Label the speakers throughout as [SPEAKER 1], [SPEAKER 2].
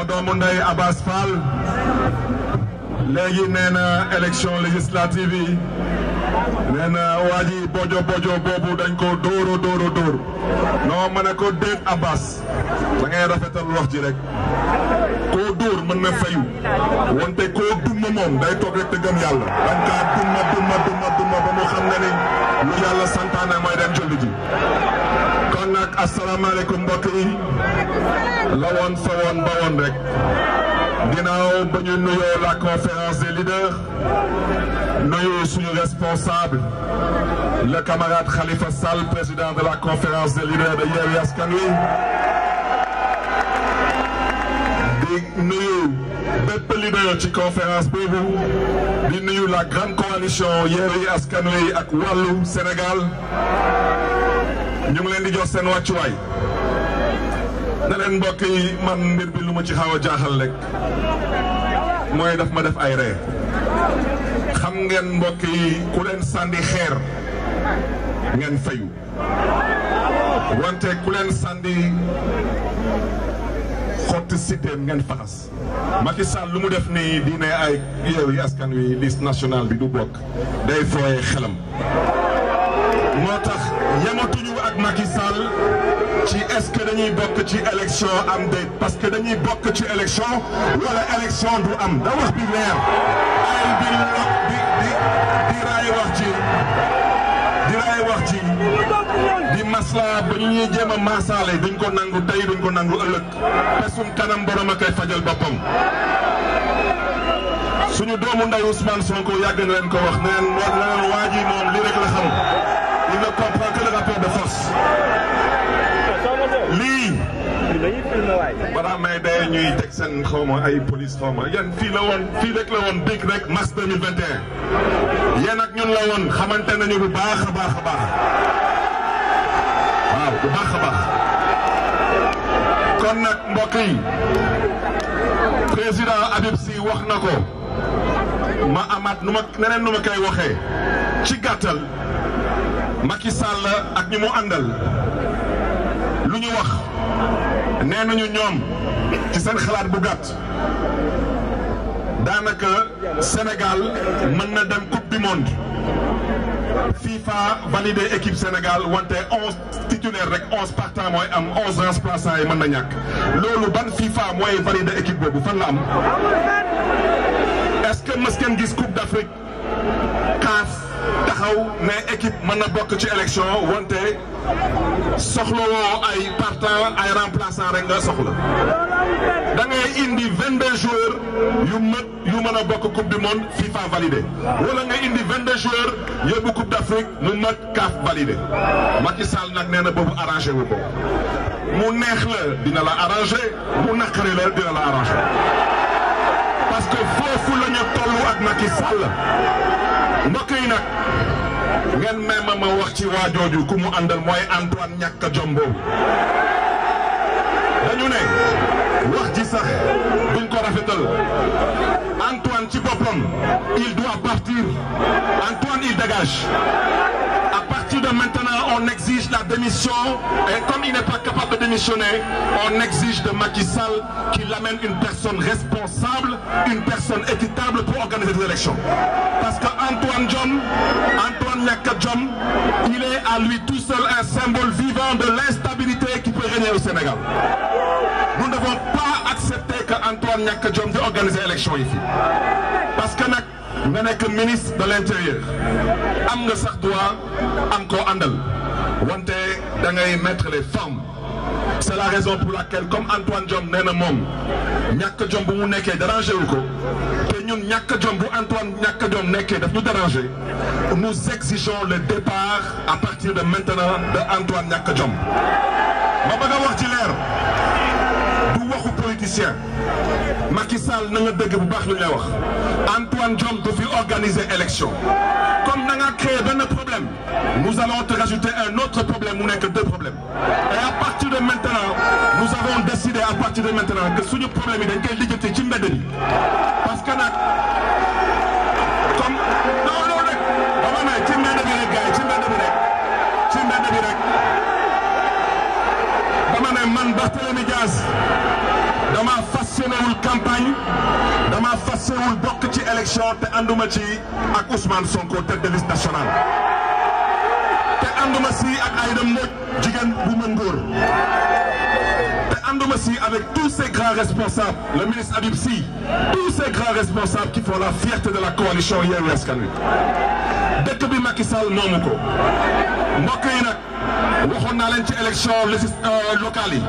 [SPEAKER 1] sama doomu ndey Abass Fall nee na élection législative yi nee na waa ji bojo bojo boobu dañ ko dóoro dóoro dóor non ma ne ko déet Abass da ngay rafetal wax ji rek koo dóor mën na fayu wante koo duma moom day toog rek te gëm yàlla dañ kaa duma duma duma duma ba mu xam ne ni lu yàlla santaane mooy dem julli ji kon mbokk yi lawoon fa la conférence des leaders nuyu suñu responsable le camarade Khalifa Sall président de la conférence des leaders de Yewwi Askan Wi di nuyu bépp leader ci conférence boobu di nuyu la grande coalition Yewwi Askan Wi ak wàllu Sénégal ñu ngi leen di jox seen wàccuwaay ne leen mbokk yi man mbir bi lu ma ci xaw a jaaxal rek mooy daf ma def ay ree xam ngeen mbokk yi ku leen sànni xeer ngeen fayu wante ku leen sànni xotti sitéem ngeen faxas Macky Sall lu mu def ni diine ay yeewi askan wi liste national bi du bokk day fooye xelam moo tax yamatuñu ak Macky Sall ci est que dañuy bokk ci élection am parce que dañuy bokk ci élection wala élection am da wax bi leer ay ba ñu ñuy jéem a maasaale duñ ko nangu tey duñ ko nangu ëllëg pesum kanam borom a koy fajal boppam suñu doomu nday Ousmane Sonko yàgg na leen ko wax ne leen waa ji moom lii rek la xam lii balaa may day ñuy teg seen xaw ma ay police xaw ma yan fii la woon fii rek la woon biig rek mars 2021 yéen ak ñun la woon xamante nañu bu baax a baax a baax kon nag mbokk yi président Habib si wax na ko ma amaat ma neneen nu ma koy waxee ci gàttal Macky Sall ak ñi mu àndal lu ñu wax nee nañu ñoom ci seen xalaat bu gàtt daanaka Sénégal mën na dem coupe du monde FIFA validé équipe Sénégal wante onze titulaire rek onze partant mooy am onze remplaçants yi mën na ñàkk loolu ban FIFA mooy validé équipe boobu fan na am est-ce que mës gis coupe d'Afrique taxaw ne équipe mën na bokk ci élection wante soxlawoo ay partant ay remplaçant rek nga soxla da indi vingt deux joueurs yu mët yu mën a bokk coupe du monde FIFA validé wala nga indi vingt deux joueurs yóbbu coupe d' Afrique mu mat CAF validé nag nee na boobu arrangé wu ko mu neex la dina la arrangé mu naqari la dina la arrangé parce que foofu la ñu toll ak Macky mbokk yi nag ngeen ma wax ci waa jooju ku mu àndal mooy Antoine ñàkk a jom boobu dañu ne wax ji sax duñ ko rafetal Antoine ci boppam il doit partir Antoine il dégage. partir de maintenant, on exige la démission. Et comme il n'est pas capable de démissionner, on exige de Macky Sall qu'il une personne responsable, une personne équitable pour organiser des élections. Parce que Antoine John, Antoine Yaka John, il est à lui tout seul un symbole vivant de l'instabilité qui peut régner au Sénégal. Nous ne devons pas accepter que Antoine Yaka John veut organiser l'élection ici. Parce nga nekk ministre de l'intérieur am nga sax droit am koo àndal wante da ngay mettre les formes c'est la raison pour laquelle comme Antoine Diome nee na moom ñàkk jom bu mu nekkee dérangé wu ko te ñun ñàkk jom bu Antoine ñàkk jom nekkee daf ñu dérangé nous exigeons le départ à partir de maintenant de Antoine ñàkk jom ma bëgg a du waxu politicien Macky Sall na nga bu baax li ngay wax Antoine Diome du fi organiser élection comme na nga créé benn problème nous allons te rajouter un autre problème mu nekk deux problèmes et à de maintenant nous avons décidé à de maintenant que suñu problème yi dañ koy lijjanti ci mbedd bi parce campagne dama fasewul bokk ci élection te ànduma ci ak Ousmane Sonko tête te ànduma si ak Aïda Mbodj jigéen bu mën góor te ànduma si avec tous ces grands responsables le ministre Habib Sy tous ces grands responsables la fierté de la coalition Yewwi Askan Wi dëkk bi Macky ko mbokk yi nag waxoon naa leen ci élection légis euh, locale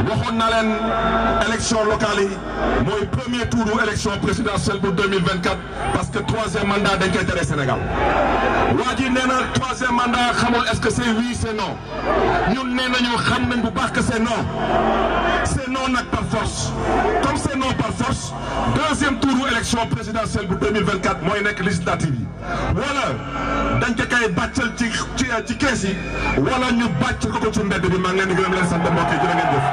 [SPEAKER 1] on waxoon naa leen élection locale yi mooy premier tour bu élection présidentielle bu 2024 parce que troisième mandat dañ koy tere Sénégal waa ji nee na troisième mandat xamul est-ce que c'est oui c'est non ñun nee nañu xam nañ bu baax que c'est non c'est non nag par force comme c'est non par force deuxième tour bu élection présidentielle bu 2024 mooy nekk législative yi wala dañ ko koy bàccal ci ci ci kees yi wala ñu bàcc ko ko ci bi maa ngi leen di gërëm leen sant mbokk yi jërë ngeen jëf.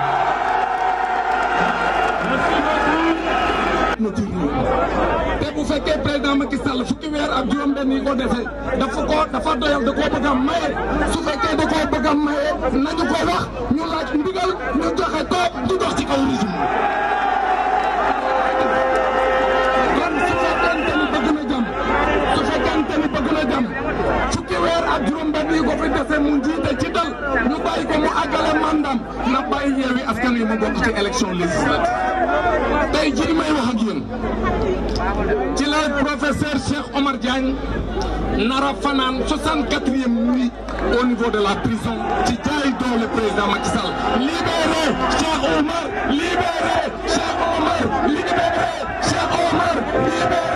[SPEAKER 1] te bu fekkee président Macky Sall fukki weer ak juróom-benn yi ko defee dafa ko dafa doyal da koo bëgg a maye su fekkee da koo bëgg a maye nañu ko wax ñu laaj ndigal ñu joxe ko du dox ci kaw régime li ko fi dese mu jiite ci dal ñu bàyyi ko mu na bàyyi Yewwi Askan Wi mu bokk ci élection législative tey jii may wax ak yéen ci la Omar Diagne nara fanaan soixante-quatrième nuit au niveau de la prison ci jaay doole libéré Cheikh Omar libéré Cheikh Omar libéré Cheikh Omar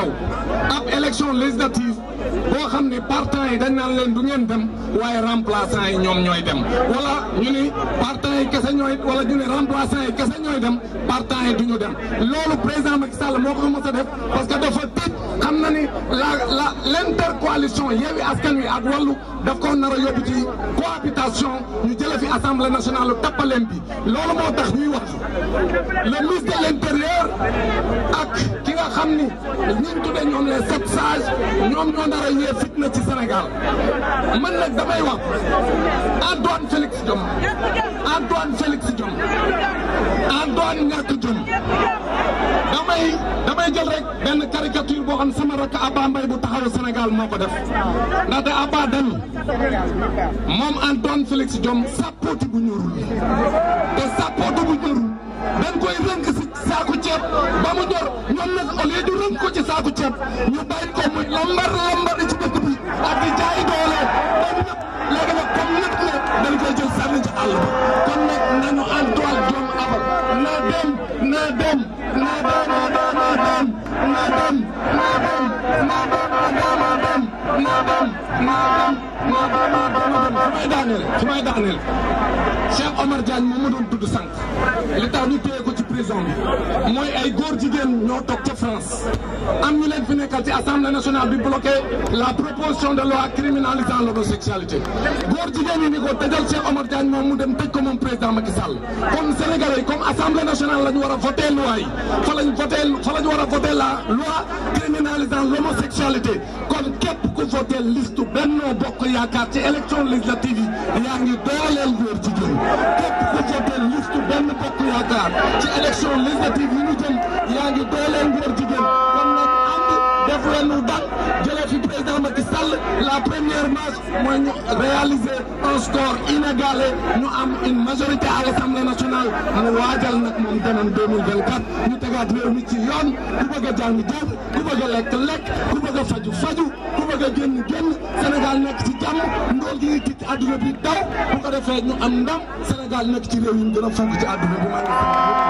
[SPEAKER 1] taxaw ab élection législative boo xam ne partant yi dañ naan leen du ngeen dem waaye remplaçant yi ñoom ñooy dem wala ñu ni partant yi kese ñooy wala ñu ne remplaçant yi kese ñooy dem partant yi du ñu dem loolu président Macky Sall moo ko mos a def parce que dafa tëj xam na ni la la l'intercoalition Yewwi Askan Wi ak Wallu daf ko nar a yóbbu ci cohabitation ñu jële fi assemblée nationale tappaleen bi loolu moo tax ñuy wax le ministre de l'intérieur ak ki nga xam ni ñun tuddee ñoom les sept sages ñoom ñoon nar a fitna ci senegal man nag damay wax Antoine Félix Diome Antoine Félix Diome Antoine ñàkk Diome damay damay jël rek benn caricature boo xam sama rakk Abba Mbaye bu taxaw Sénégal moo ko def ndaxte Abba danu moom Antoine Félix Diome sappooti bu ñorul te sappooti bu ñorul dañ koy rënk si saaku ceeb ba mu ñor ñoom nag au lieu du rënk ko ci saaku ceeb ñu bàyyi ko muy lambar lambar ci dëkk bi ak di jaay doole ba ñëpp léegi
[SPEAKER 2] nag comme ñëpp ne dañ koy jël sànni ci àll ba kon nag abal naa dem naa dem naa dem naa dem naa dem naa dem ma ma daaneel su may daaneel Cheikh Omar Diagne
[SPEAKER 1] moom ma doon tudd sànq li tax ñu téye ko ci artisans bi mooy ay góor jigéen ñoo toog ca France am ñu leen fi nekkal ci assemblée nationale bi bloqué la proposition de loi criminalisant l'homosexualité góor jigéen yi ni ko tëjal Cheikh Omar Diagne moom mu dem tëj ko moom président Macky la ñu war a voté loi yi fa lañ voté Benno Bokk Yaakaar ci élection législative yi yaa ngi dooleel góor élection législative yi ñu jëm yaa ngi dooleel ngóor jigéen kon nag ànd def leen lu dal jëlee fi président Macky Sall la première marche mooy ñu réaliser un score inégalé ñu am une majorité à l'Assemblée nationale mu waajal nag moom danañ 2024 ñu tegaat réew mi ci yoon ku bëgg a jàng jàng ku bëgg a lekk lekk ku bëgg a faju faju ku bëgg a génn génn Sénégal nekk ci jàmm ndóol gi ci àdduna bi daw bu ko defee ñu am ndam Sénégal nekk ci réew yi ñu gën a fonk ci àdduna bi maa ngi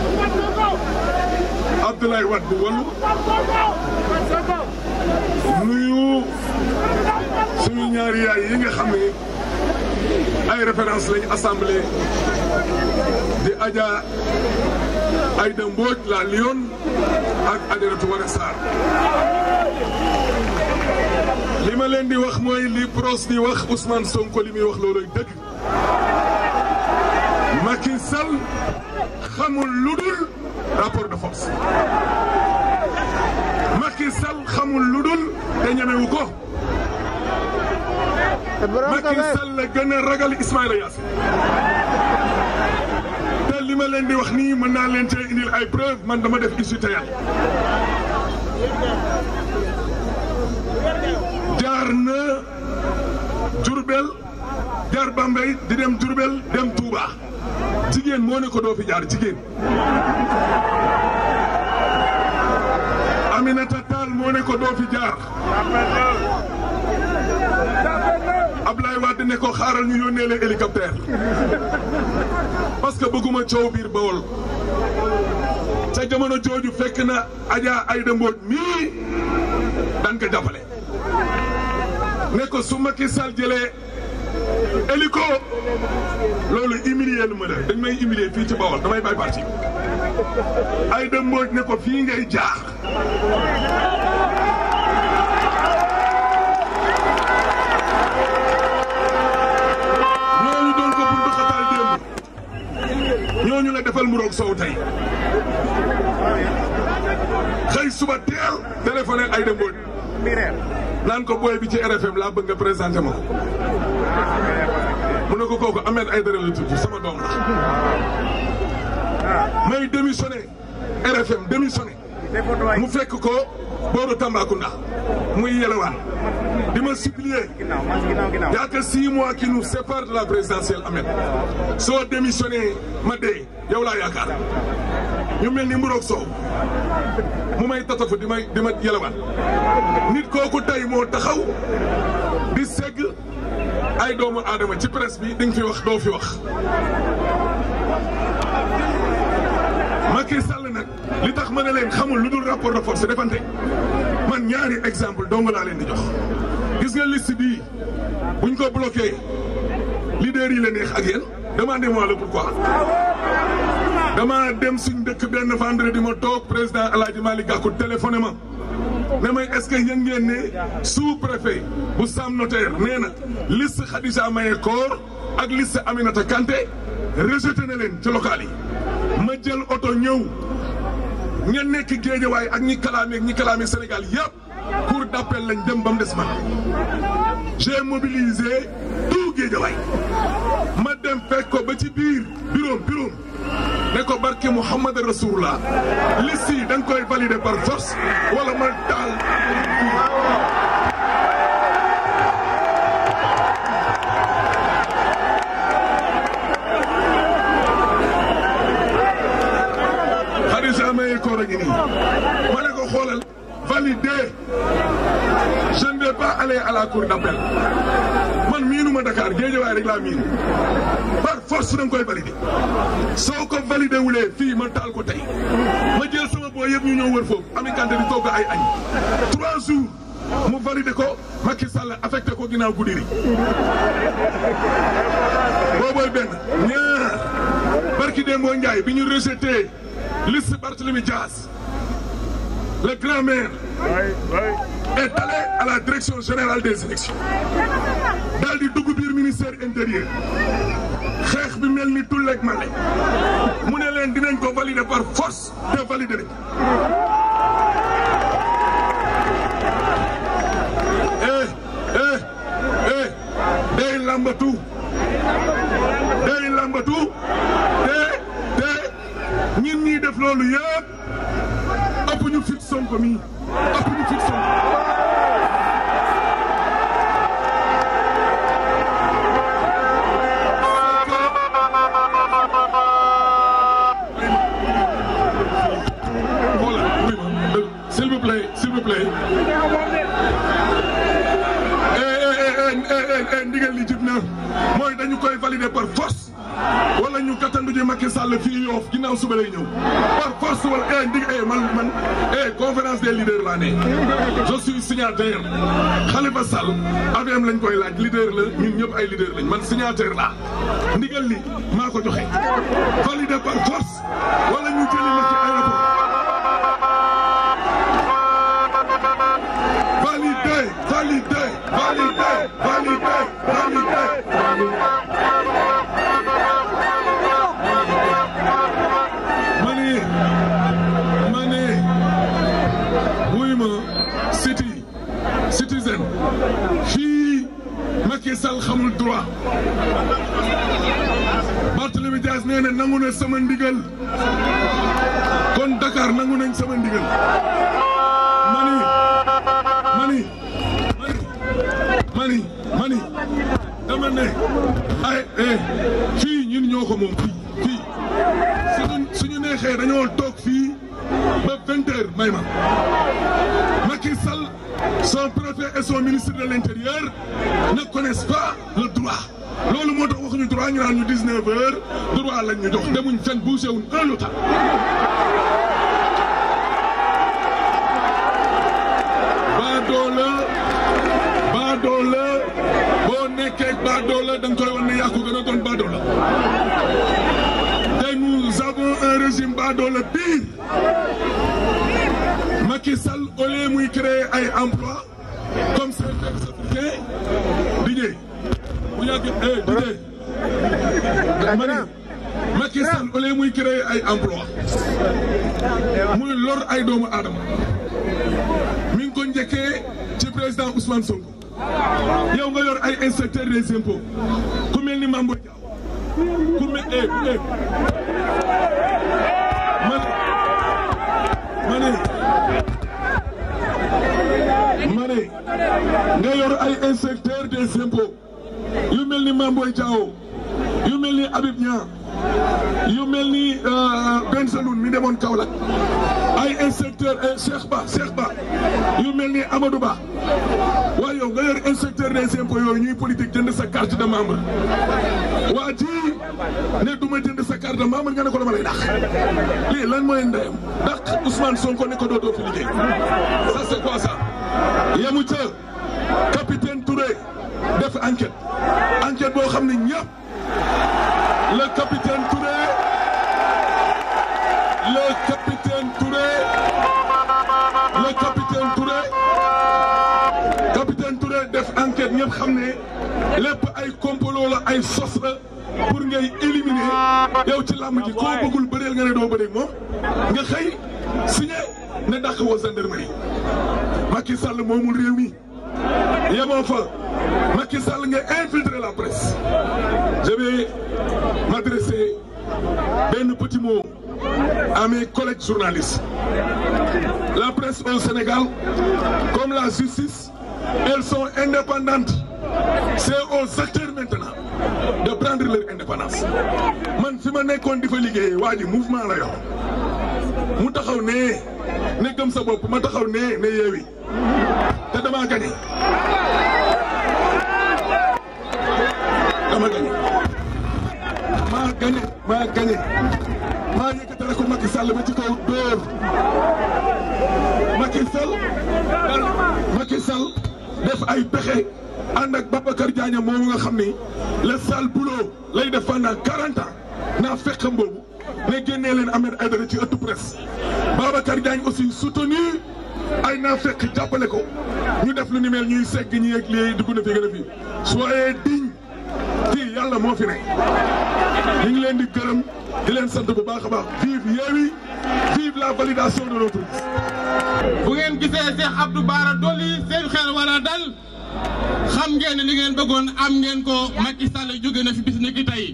[SPEAKER 1] Abdoulaye Wade walu nuyu suñu ñaari yaay yi nga xam ne ay référence di Adja la Lyon ak li ma leen di wax mooy li pros di wax Ousmane Sonko li muy wax looloy dëgg Macky Sall xamul lu rapport de force Macky Sall xamul lu dul te ñemewu ko Macky Sall la gën a ragal Ismaïla Yassine te li ma leen di wax nii mën naa leen cee indil ay preuve man dama def issue teyal jaar na Diourbel jaar Bambey di dem Diourbel dem Touba jigéen moo ne ko doo fi jaar jigéen Aminata Tall moo ne ko doo fi jaar Ablaye Wade ne ko xaaral ñu yónnee leen hélicoptère parce que bëgguma coow biir Bawol ca jamono jooju fekk na Adja Aïda Mbodj mii daan ko ne ko su Macky Sall jëlee hélico loolu humilier lu ma def dañ may humilier fii ci Bawol damay bàyyi parti ay dëmbooj ne ko fii ngay jaar ñooñu doon ko buntu xatal
[SPEAKER 2] démb
[SPEAKER 1] ñooñu la defal mu roog sow tey xëy suba teel téléphoné ay dëmbooj naan ko booy bi ci RFM laa bëgg nga présenté ma ko mu ne ko kooku Ahmed Aïdara la tudd sama doom la may démissionné RFM démissionné mu fekk ko booru Tambacounda muy yelewaan di ma supplier
[SPEAKER 3] y
[SPEAKER 1] a que six mois qui nous séparent de la présidentielle Ahmed soo démissionné ma dee yow laa yaakaar ñu mel ni mburoog soow mu may tatafu di ma di ma yelewaan nit kooku tey moo taxaw di segg ay doomu aadama ci presse bi di nga fi wax doo fi wax.
[SPEAKER 2] Macky Sall nag
[SPEAKER 1] li tax ma ne leen xamul lu dul rapport de force defante man ñaari exemple dong laa leen di jox gis nga liste bii buñ ko bloqué leader yi la neex ak yéen demandez-moi le pourquoi. dama dem suñ dëkk benn vendredi ma toog président El Hadj Malick Gakou téléphoné ma. ne may est-ce que yëg ngeen ne sous-préfet bu Sam Notaire nee na liste Khadija Maye Koor ak liste Aminata Kanté rejeté na leen ci local yi ma jël oto ñëw ña nekk Géejawaay ak ñi kalaamee ñi kalaamee Sénégal yëpp cour d'appel lañ dem ba des ma j'ai mobilisé tout Géejawaay ma dem fekk ko ba ci biir bureau bureau ne ko barke Muhammad Rasulullah liste yi da nga koy validé par force wala ma taal. Xadija may koor a ngi nii ma ko xoolal validé je ne vais pas aller ma Dakar Guédiawaye rek laa miin par force da koy validé soo ko validé wulee fii ma taal ko tey ma jël sama boo yëpp ñu ñëw wër foofu Ami Kanté di togg ay añ trois jours mu validé ko Macky Sall affecté ko ginnaaw guddi gi
[SPEAKER 2] boobooy benn ñaar
[SPEAKER 1] barki Dembo Ndiaye bi ñu rejeté liste Barthélemy Dias le grand maire est allé à la direction générale des élections daal di dugg biir ministère intérieur xeex bi mel ni tulleeg male mu ne leen dinañ ko valider par force te valider nañ eh eh eh day lambatu day lambatu te te ñin ñiy def loolu yëpp ëpp ñu fit Sonko mi
[SPEAKER 2] ëpp ñu fit Sonko
[SPEAKER 1] S'il eh, eh, eh, na mooy dañu koy valider par force. wala ñu kattandu ji Macky Sall fii Yoff ginnaaw suba lay ñëw par force wala eh ndig eh man man eh conférence des laa ne je suis signataire Khalifa Sall AVM lañ koy laaj leader la ñun ñëpp ay lañ man signataire laa ndigal li maa ko joxe validé par force wala ñu jëli Macky aéroport validé validé validé validé Macky Sall xamul droit
[SPEAKER 2] Barthélemy Dias
[SPEAKER 1] nee na nangu na sama ndigal kon Dakar nangu nañ sama ndigal mani mani mani mani dama ne ay eh fii ñun ñoo ko moom fii fii suñu suñu neexee dañoo toog fi ba vingt may ma son préfet et son ministre de l'intérieur ne connaissent pas droit loolu moo tax waxuñu droit ñu naan ñu 19 heures droit lañ ñu jox demuñ fenn bougé wuñ un lu tax baadoola baadoola boo nekkee baadoola da nga koy wan ne yaa ko gën a doon baadoola te nous avons un régime baadoola pire Macky Sall au muy créer ay emploi
[SPEAKER 2] comme ses ex africains
[SPEAKER 1] Didier bu yàgg eh ma ni Macky Sall au muy créer ay emploi muy lor ay doomu aadama mi ko njëkkee ci président Ousmane Sonko yow nga yor ay inspecteur des impôts ku mel ni Mambo Diaw ku mel eh, eh. man
[SPEAKER 2] mane mane
[SPEAKER 1] yor ay inspecteur des impôts yu mel ni Mame Boye Diao yu mel ni Habib Niang yu mel ni sa euh, Saloum mi demoon Kaolack ay inspecteur euh, Cheikh Ba Cheikh Ba yu mel ni Amadou Ba waaye yow nga yor inspecteur des impôts yooyu ñuy politique jënd sa carte de membre waa ji ne du ma jënd sa carte de membre nga ne ko dama lay dàq lii lan mooy ndeyam dàq Ousmane Sonko ne ko dootoo fi liggéey ça c'est quoi ça yamu ca capitaine def enquête enquête boo xam ne ñëpp le capitaine Touré le capitaine Touré le capitaine def enquête ñëpp xam ne lépp ay complot ay sos la pour ngay éliminer yow ci làmb ji koo bëggul bëreel nga ne doo bëreeg moom nga xëy signé ne dàq woo gendarmerie Macky Sall moomul réew mi. yemoo fa Macky Sall nga infiltrer la presse je vais m'adresser benn petit mot à mes collègues journalistes la presse au Sénégal comme la justice elles sont indépendantes c'est aux acteurs maintenant de prendre leur indépendance man si ma nekkoon di fa liggéey waa ji mouvement la yor mu taxaw ne ne gëm sa bopp ma taxaw ne ne yeewi te dama gañe dama gañe maa gañe ko Macky Sall ba ci kaw dóor def ay pexe ànd ak Babacar Diagne moomu nga xam ni le sale boulot lay def pendant 40 ans naa fekkam boobu ne génnee leen Ahmed Aïdara ci ëttu presse Babacar Diagne aussi nii ay naa fekk jàppale ko ñu def lu ni ñuy segg ñu ak lii dugg na fi gën a fi soyez digne kii yàlla moo fi ne ñu leen di gërëm. di leen sant bu baax a baax vive Yewwi vive la validation de notre bu ngeen gisee Cheikh ab du Dolly seen xel war a dal xam ngeen li ngeen bëggoon am ngeen ko Macky Sall jóge na fi bis gi ki tey.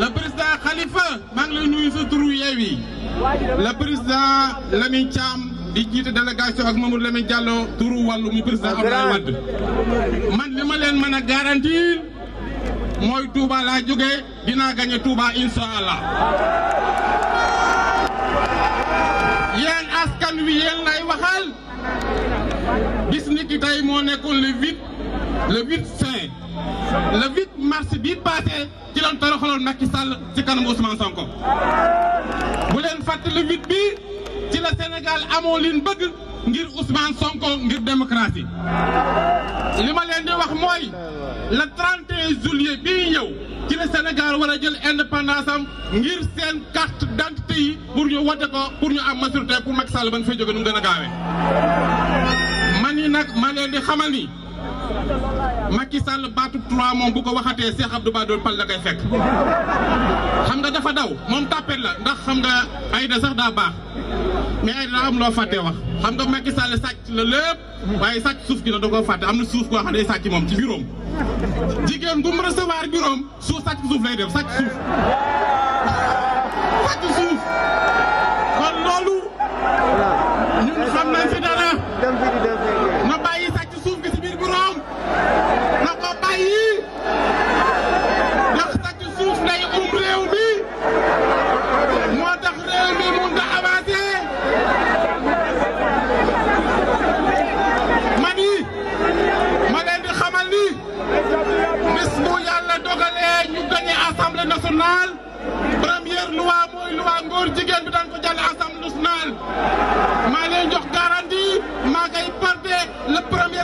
[SPEAKER 1] le président Khalifa maa ngi lay nuyu sa turu Yewwi le président Lamine Thiam di jiite délégation ak Mamadou Lamine Diallo turu wàllu mu président Abdoulaye Wade man ma leen mën a garantir. mooy Touba laa jógee dinaa gañe Touba insha allah yéen askan wi yéen lay waxal bis ni ki tey moo nekkoon le huit le huit juin le huit mars bi passé ci lañ toroxaloon Macky Sall ci kanamu Ousmane bu leen fàttali le bi ci la senegal amoo leen bëgg. ngir Ousmane Sonko ngir démocratie li ma leen di wax mooy le 31 juillet bii ñëw ci la Sénégal war a jël indépendance am ngir seen carte d'identité yi pour ñu wote ko pour ñu am majorité pour Macky Sall ba nga joge jóge nu man yi nag ma leen di xamal ni. Macky Sall baatu trois moom bu ko waxatee Cheikh Abdou Bara Dolly Pall la koy fekk
[SPEAKER 4] xam nga dafa daw moom tàppet la ndax xam nga Aïda sax daa baax mais Aïda daa am loo fàttee wax xam nga Macky Sall sàcc la lépp waaye sàcc suuf gi la da koo fàtte am
[SPEAKER 1] na suuf koo xam ne sàcc moom ci bureau jigéen gu mu recevoir bureau suuf sàcc suuf lay def sàcc suuf kon loolu ñun xam nañ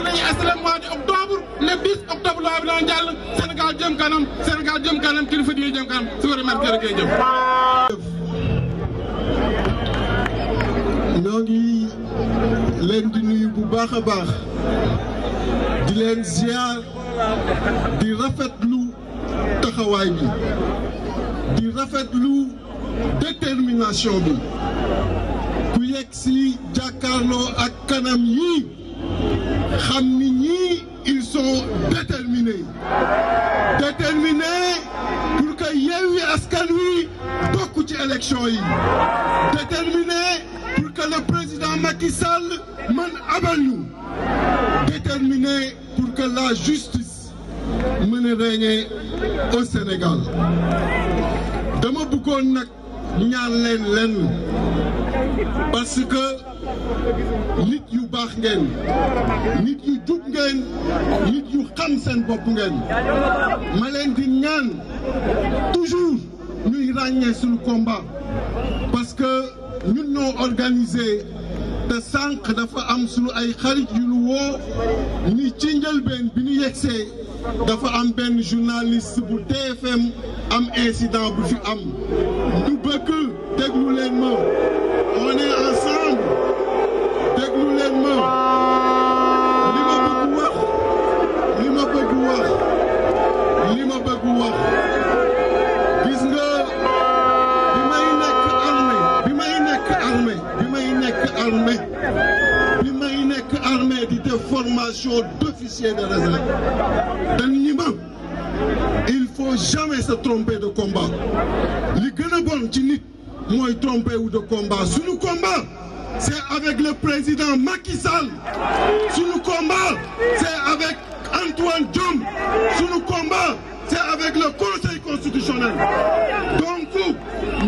[SPEAKER 1] ne nañu aslam mois de octobre le 10 octobre loi bi leen di nuyu bu baax a baax di leen ziar di rafetlu taxawaay bi di rafetlu détermination bi ku yegg ci jàkkaarloo ak kanam yii. xam ni ñii ils sont déterminés déterminés pour que Yewwi Askan Wi bokk ci élection yi déterminés pour que le président Macky Sall mën abal ñu déterminés pour que la justice mën a régner au Sénégal dama bëggoon nag ñaan leen lenn parce que nit yu baax ngeen nit yu jub ngeen nit yu xam seen bopp ngeen ma leen di ñaan toujours ñuy ràññee suñu combat parce que ñun noo organiser te sànq dafa am suñu ay xarit yu ñu woo ni ci njëlbeen bi ñu yegsee dafa am benn journaliste bu TFM am incident bu fi am ñu bëgg déglu leen ma on est déglu leen ma li ma bëgg wax li ma bëgg wax li ma bëgg wax gis bi may nekk armée bi may nekk armée bi may nekk armée bi may nekk armée d'officier de réserve dañ ni ma il faut jamais se tromper de combat li gën a ci nit mooy tromper wu de combat suñu combat c'est avec le président Macky Sall suñu combat c'est avec Antoine Diome suñu combat c'est avec le Conseil constitutionnel donc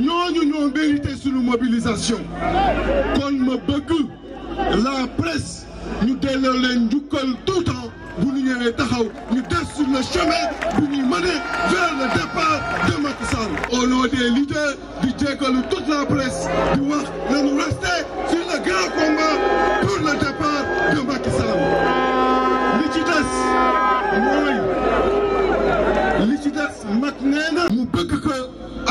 [SPEAKER 1] ñooñu ñoo mérité suñu mobilisation kon ma bëgg la presse ñu delloo leen njukkal tout le temps bu ñu ñëwee des sur le chemin bu ñuy mener vers le départ de Macky au nom des leaders di jéggalu toute la presse di wax nañu rester combat pour le départ de Macky Sall li ci des mooy li ci des mag nee na mu bëgg ko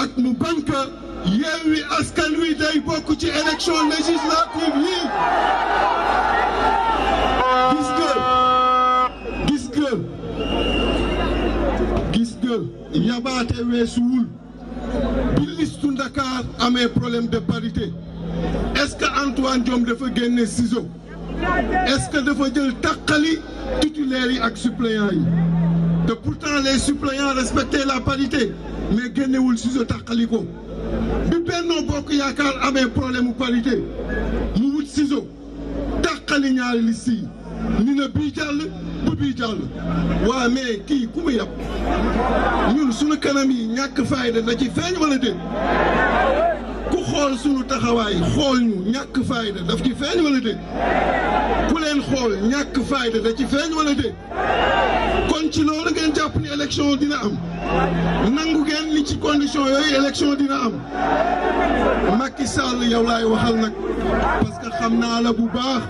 [SPEAKER 1] ak mu bañ ko Yewwi Askan Wi day bokk ci élection législative yi gis nga gis nga yabaate weesuwul bi listu Ndakaar amee problème de parité est-ce que Antoine Diome dafa génne siso est-ce que dafa jël taqali titulaires yi ak suppléants yi te pourtant les suppléants respectaient la parité mais génnewul ciseau taqali ko bi Benno Bokk Yaakaar amee problème mu parité mu wut ciseau taqali ñaari liste yi ni na bii jàll bu bii jàll waa mais kii ku mu yàpp ñun suñu kanam yi ñàkk fayda na ci feeñ wala déet xool suñu taxawaay xool ñu ñàkk fayda daf ci feeñ wala déet leen xool ñàkk fayda da ci feeñ wala déet kon ci loolu ngeen jàpp ni élection dina am nangu ngeen li ci condition yooyu élection dina am Macky Sall yow laay waxal nag parce que xam naa la bu baax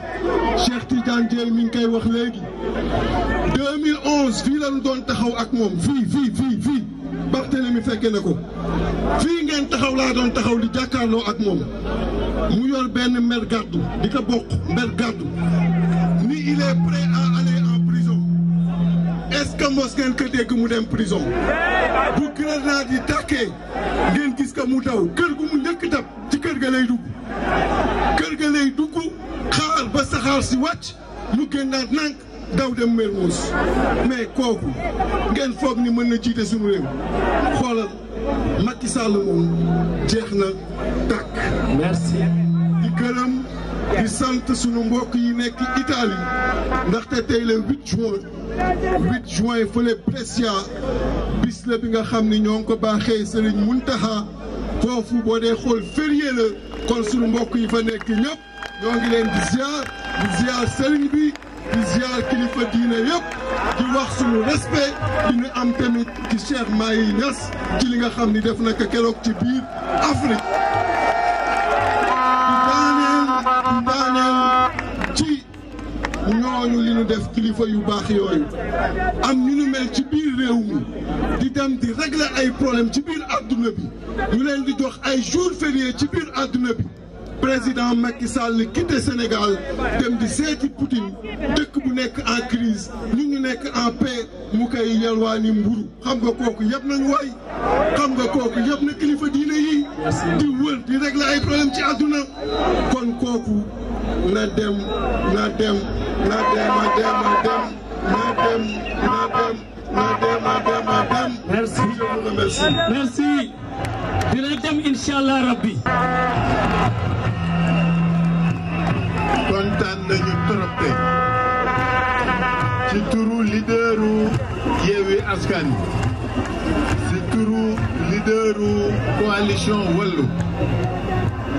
[SPEAKER 1] Cheikh Tidiane Dièye mi ngi koy wax léegi 2011 fii la ñu doon taxaw ak moom fii fii fii Barthélemy fekke na ko fii ngeen taxaw laa doon taxaw di jàkkaarloo ak moom mu yor benn mer gàddu di ko bokk mer gàddu ni il est prêt à aller en prison est-ce que mos ngeen ko dégg mu dem prison bu grenade yi tàkkee ngeen gis ko mu daw kër gu mu njëkk dab ci kër ga lay dugg kër ga lay dugg xaar ba saxaar si wàcc mu génnaat nànk daw dem Mermoz mais kooku ngeen foog ni mën na jiite suñu réew xoolal Macky Sall jeex na tàkk. merci di gërëm di sant suñu mbokk yi nekk Italie ndaxte tey le 8 juin 8 juin fële Brescia bis la bi nga xam ni ñoo ngi ko baaxee Serigne Mountakha foofu boo dee xool férié la kon suñu mbokk yi fa nekk ñëpp ñoo ngi leen di ziar di ziar Serigne bi. di ziar kilifa diine yëpp di wax suñu respect di ñu am tamit ci Cheikh Mahi Niass ci li nga xam ni def na ko keroog ci biir Afrique di daaneel ci ñooñu li ñu def kilifa yu baax yooyu am ñu ñu mel ci biir réew mi di dem di régler ay problème ci biir adduna bi ñu leen di jox ay jours fériés ci biir adduna bi président Macky Sall quitté Sénégal dem di seeti Poutine dëkk bu nekk en crise ñu ngi nekk en paix mu koy yalwaani mburu xam nga kooku yëpp nañu waay xam nga kooku yëpp na kilifa diine yi di wër di régler ay problème ci adduna kon kooku na dem na dem na dem na dem
[SPEAKER 2] na dem na dem
[SPEAKER 1] na dem na dem na dem na dem merci merci
[SPEAKER 3] dina dem incha allah rabbi kontaan nañu trop tey ci turu leaderu Yewwi Askan Wi ci turu leaderu coalition Wallu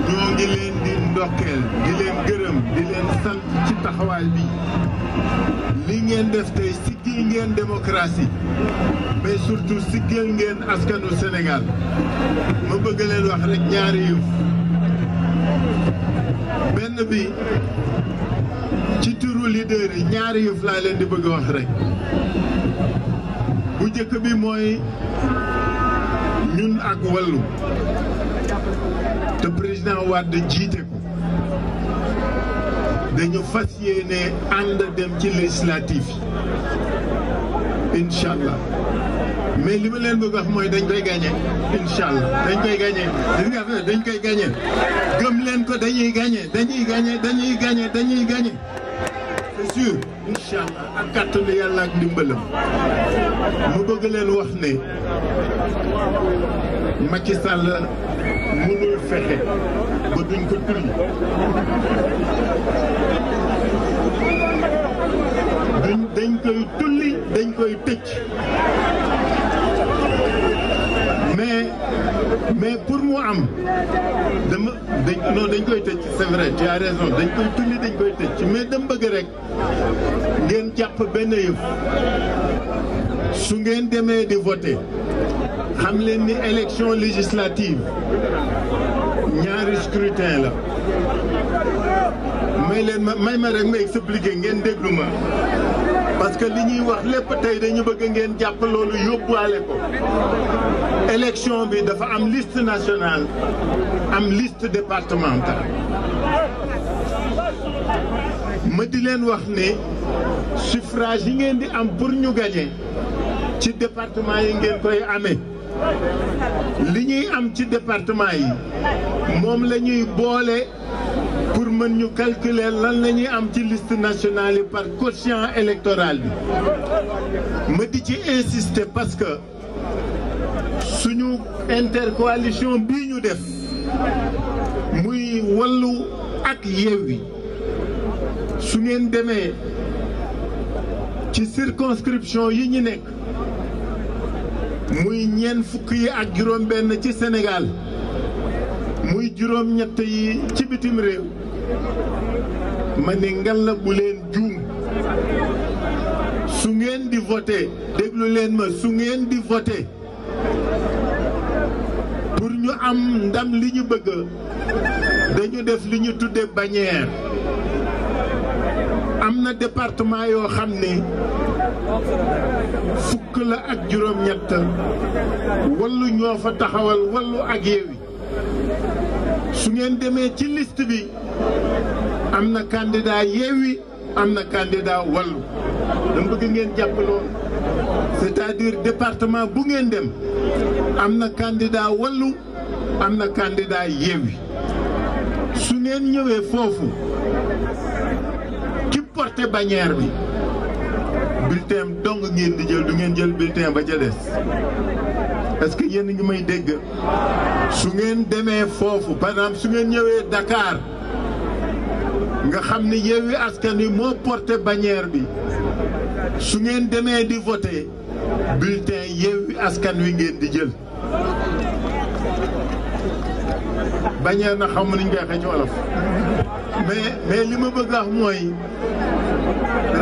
[SPEAKER 3] ñoo ngi leen di ndokkeel di leen gërëm di leen sant ci taxawaay bi li ngeen def tey siggil ngeen démocratie mais surtout siggil ngeen askanu Sénégal ma bëgg leen wax rek ñaari yëf benn bi ci turu leader yi ñaari yëf laa leen di bëgg wax rek bu njëkk bi mooy ñun ak wàllu te président Wade jiite ko dañu fas yéene ànd dem ci législative yi mais li ma leen bëgg wax mooy dañ koy gagné incha dañ koy gagné dañ koy gagné gëm leen ko dañuy gagné dañuy gagné dañuy gagné dañuy gagné c'est sûr incha allah ak kàttanu yàlla ak ndimbalam mu bëgg leen wax ne Macky Sall mënul fexe ba duñ ko tuñ duñ dañ koy tulli dañ koy tëj. mais pour mu am dama dañ non dañ koy tëj c'est vrai tu raison dañ koy tulli dañ koy tëj mais dama bëgg rek ngeen jàpp benn yëf su ngeen demee di voter xam leen ni élection législative ñaari scrutin la may leen ma may ma rek ma expliquer ngeen déglu ma parce que li ñuy wax lépp tey dañu bëgg ngeen jàpp loolu yóbbuwaale ko élection bi dafa am liste nationale am list départementale ma di leen wax ni suffrage yi ngeen di am pour ñu gagné ci département yi ngeen koy amee li ñuy am ci département yi moom la boole. pour mën ñu calculer lan la ñuy am ci liste nationale yi par quotient électoral bi ma ci insister parce que suñu intercoalition bii ñu def muy wallu ak Yewwi su ngeen demee ci circonscription yi ñu nekk muy ñeent fukk yi ak juróom benn ci Sénégal muy juróom ñett yi ci bitim réew ma ne ngalla bu leen juum su ngeen di voté déglu leen ma su ngeen di voté pour ñu am ndam li ñu bëgg dañu def li ñu tudde bannière am na departement yoo xam ne fukk la ak juróom-ñett wallu ñoo fa taxawal wallu ak Yewwi su ngeen demee ci list bi am na candidat Yewwi am na kàndidaa Wallu dama bëgg ngeen jàpp loolu cest département bu ngeen dem am na candidat Wallu am na candidat Yewwi su ngeen ñëwee foofu ci porte bannière bi bulletin dong ngeen di jël du ngeen jël bulletin ba ca des est-ce que yéen ngi may dégg su ngeen demee foofu par exemple su ngeen ñëwee Dakar nga xam ni Yewwi Askan Wi moo porté bannière bi su ngeen demee di voté bulletin Yewwi Askan Wi ngeen di jël bannière na xam nañ koy xëy ci wolof mais mais li ma bëgg wax mooy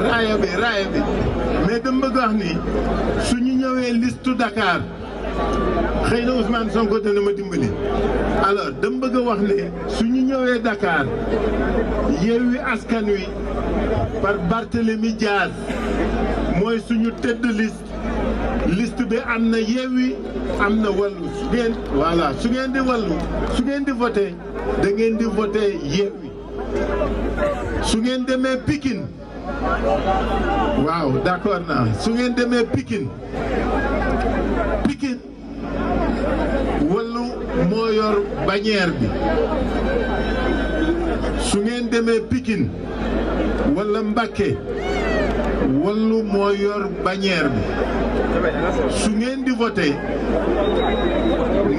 [SPEAKER 3] raaya bi raaya bi mais dama bëgg wax ni su ñu ñëwee liste Dakar. xëy na Ousmane Sonko dana ma dimbali alors dama bëgg a wax ne su ñu ñëwee Dakar Yewwi Askan Wi par Barthélemy Diaz mooy suñu tëdd liste liste bi am na Yewwi am na Wallu su ngeen voilà su ngeen di Wallu su ngeen di voté da ngeen di voté Yewwi su ngeen demee pikin waaw d'accord naa su ngeen demee Pikine Pikine moo yor bannière bi su ngeen demee Pikine wala Mbacké wallu moo yor bannière bi su ngeen di voté